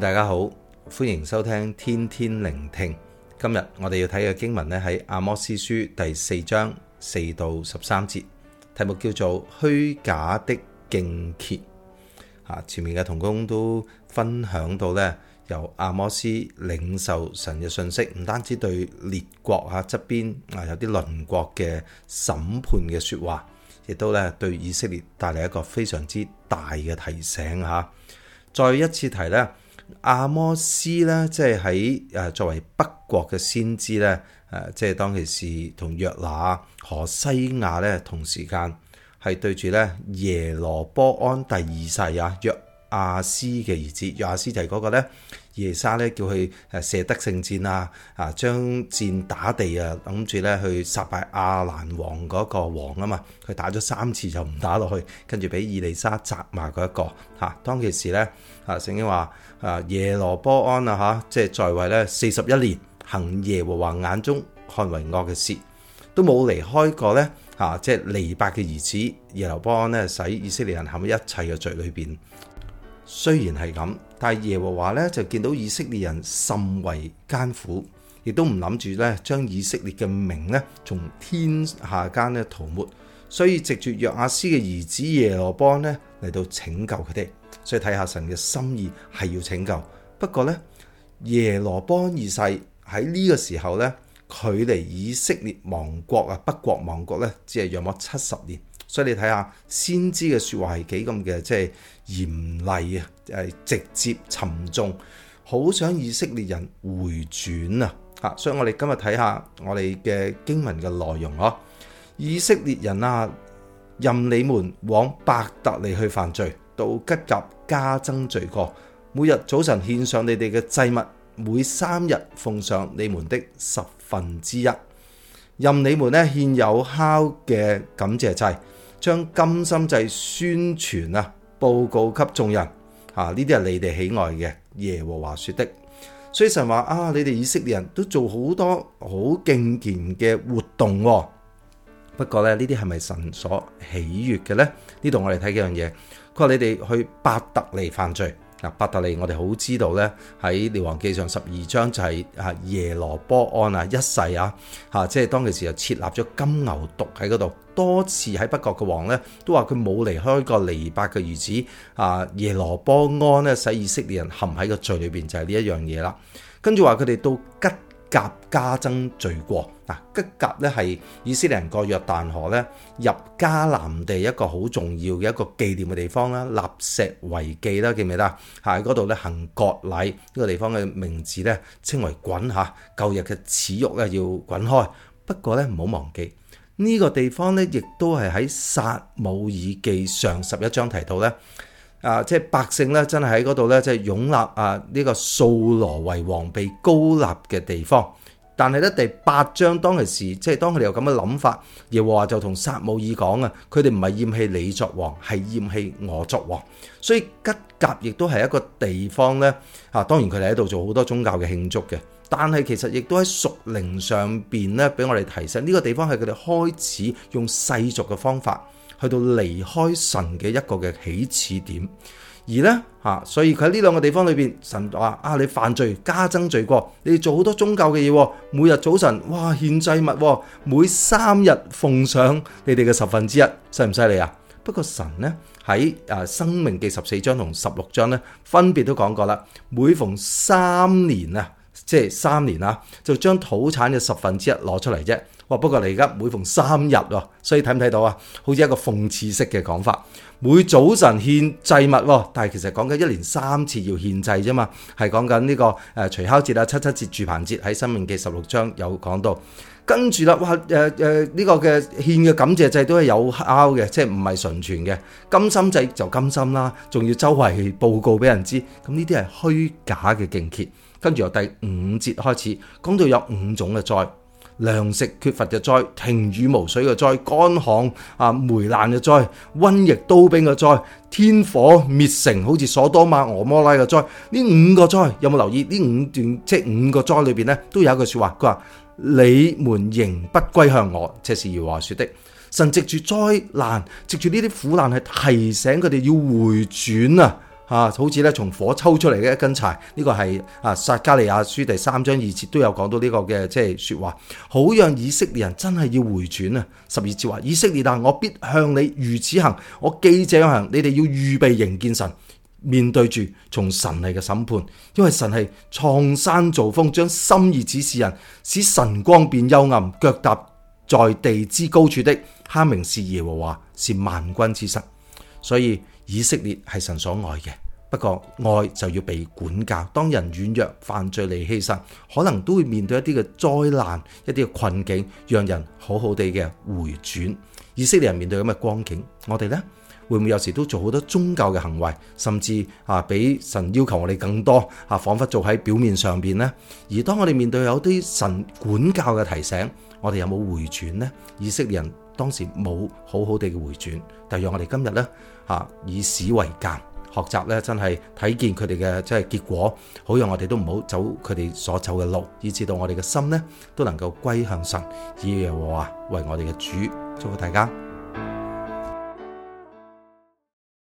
大家好，歡迎收聽天天聆聽。今日我哋要睇嘅經文咧喺阿摩司書第四章四到十三節，題目叫做虛假的敬虔。啊，前面嘅同工都分享到咧，由阿摩司領受神嘅信息，唔單止對列國啊側邊啊有啲鄰國嘅審判嘅說話，亦都咧對以色列帶嚟一個非常之大嘅提醒吓。再一次提咧。阿摩司咧，即係喺誒作為北國嘅先知咧，誒即係當其時同約拿、何西阿咧，同時間係對住咧耶羅波安第二世啊約阿斯嘅兒子，阿斯就係嗰個咧，以利沙咧叫佢誒射得勝箭啊！啊，將箭打地啊，諗住咧去殺敗亞蘭王嗰個王啊嘛！佢打咗三次就唔打落去，跟住俾以利沙摘埋嗰一個。吓，當其時咧，啊聖經話啊耶羅波安啊吓，即係在位咧四十一年，行耶和華眼中看為惡嘅事，都冇離開過咧吓，即係尼八嘅兒子耶羅波安咧，使以色列人陷喺一切嘅罪裏邊。雖然係咁，但係耶和華咧就見到以色列人甚為艱苦，亦都唔諗住咧將以色列嘅名咧從天下間咧塗抹，所以藉住約阿施嘅兒子耶羅邦呢嚟到拯救佢哋，所以睇下神嘅心意係要拯救。不過咧耶羅邦二世喺呢個時候咧。距離以色列亡國啊，北國亡國咧，只係約莫七十年。所以你睇下先知嘅說話係幾咁嘅，即係嚴厲啊，誒，直接沉重，好想以色列人回轉啊，吓！所以我哋今日睇下我哋嘅經文嘅內容咯。以色列人啊，任你們往伯特利去犯罪，到吉甲加增罪過，每日早晨獻上你哋嘅祭物。每三日奉上你們的十分之一，任你們咧獻有酵嘅感謝祭，將甘心祭宣傳啊，報告給眾人。吓、啊，呢啲係你哋喜愛嘅耶和華說的。所以神話啊，你哋以色列人都做好多好敬虔嘅活動、啊。不過咧，呢啲係咪神所喜悅嘅呢？呢度我哋睇幾樣嘢。佢話你哋去伯特利犯罪。嗱，伯特利，我哋好知道咧，喺《列王紀》上十二章就係啊耶羅波安啊一世啊，嚇即係當其時就設立咗金牛犢喺嗰度。多次喺北國嘅王咧都話佢冇離開過尼八嘅兒子啊耶羅波安咧，使以色列人陷喺個罪裏邊，就係呢一樣嘢啦。跟住話佢哋到吉。甲，加增罪過嗱，吉甲咧係以色列人過約旦河咧入迦南地一個好重要嘅一個紀念嘅地方啦，立石為記啦，記唔記得啊？喺嗰度咧行割禮，呢個地方嘅名字咧稱為滾吓舊日嘅恥辱咧要滾開，不過咧唔好忘記呢個地方咧亦都係喺撒母耳記上十一章提到咧。啊！即係百姓咧，真係喺嗰度咧，即係擁立啊呢個掃羅為王被高立嘅地方。但係咧第八章當其時，即係當佢哋有咁嘅諗法，耶和華就同撒母耳講啊，佢哋唔係厭棄你作王，係厭棄我作王。所以吉甲亦都係一個地方咧。啊，當然佢哋喺度做好多宗教嘅慶祝嘅，但係其實亦都喺屬靈上邊咧，俾我哋提醒呢個地方係佢哋開始用世俗嘅方法。去到離開神嘅一個嘅起始點，而呢，吓，所以佢喺呢兩個地方裏邊，神話啊，你犯罪加增罪過，你哋做好多宗教嘅嘢，每日早晨哇獻祭物，每三日奉上你哋嘅十分之一，犀唔犀利啊？不過神呢，喺申命記十四章同十六章呢，分別都講過啦，每逢三年啊。即係三年啦就將土產嘅十分之一攞出嚟啫。哇！不過你而家每逢三日喎，所以睇唔睇到啊？好似一個諷刺式嘅講法。每早晨獻祭物，但係其實講緊一年三次要獻祭啫嘛。係講緊呢個誒除酵節啊、七七節、住棚節喺申命記十六章有講到。跟住啦，哇！誒誒呢個嘅獻嘅感謝祭都係有酵嘅，即係唔係純全嘅。甘心祭就甘心啦，仲要周圍去報告俾人知。咁呢啲係虛假嘅敬虔。跟住由第五節開始，講到有五種嘅災，糧食缺乏嘅災，停雨無水嘅災，乾旱啊霉爛嘅災，瘟疫刀兵嘅災，天火滅城，好似所多瑪、蛾摩拉嘅災。呢五個災有冇留意？呢五段即五個災裏邊呢，都有一句說話，佢話：你們仍不歸向我，即是耶和華說的。神藉住災難，藉住呢啲苦難，係提醒佢哋要回轉啊！啊，好似咧從火抽出嚟嘅一根柴，呢、這個係啊撒迦利亞書第三章二節都有講到呢個嘅即係說話，好讓以色列人真係要回轉啊！十二節話以色列但我必向你如此行，我記者行，你哋要預備迎見神，面對住從神嚟嘅審判，因為神係創山造風，將心意指示人，使晨光變幽暗，腳踏在地之高處的，哈明是耶和華，是萬軍之神。所以以色列係神所愛嘅，不過愛就要被管教。當人軟弱、犯罪、離棄神，可能都會面對一啲嘅災難、一啲嘅困境，讓人好好地嘅回轉。以色列人面對咁嘅光景，我哋呢會唔會有時都做好多宗教嘅行為，甚至啊比神要求我哋更多啊，仿佛做喺表面上邊呢？而當我哋面對有啲神管教嘅提醒，我哋有冇回轉呢？以色列人。當時冇好好地的回轉，但係讓我哋今日咧吓以史為鑒，學習咧真係睇見佢哋嘅即係結果，好讓我哋都唔好走佢哋所走嘅路，以至到我哋嘅心咧都能夠歸向神，以我啊為我哋嘅主，祝福大家。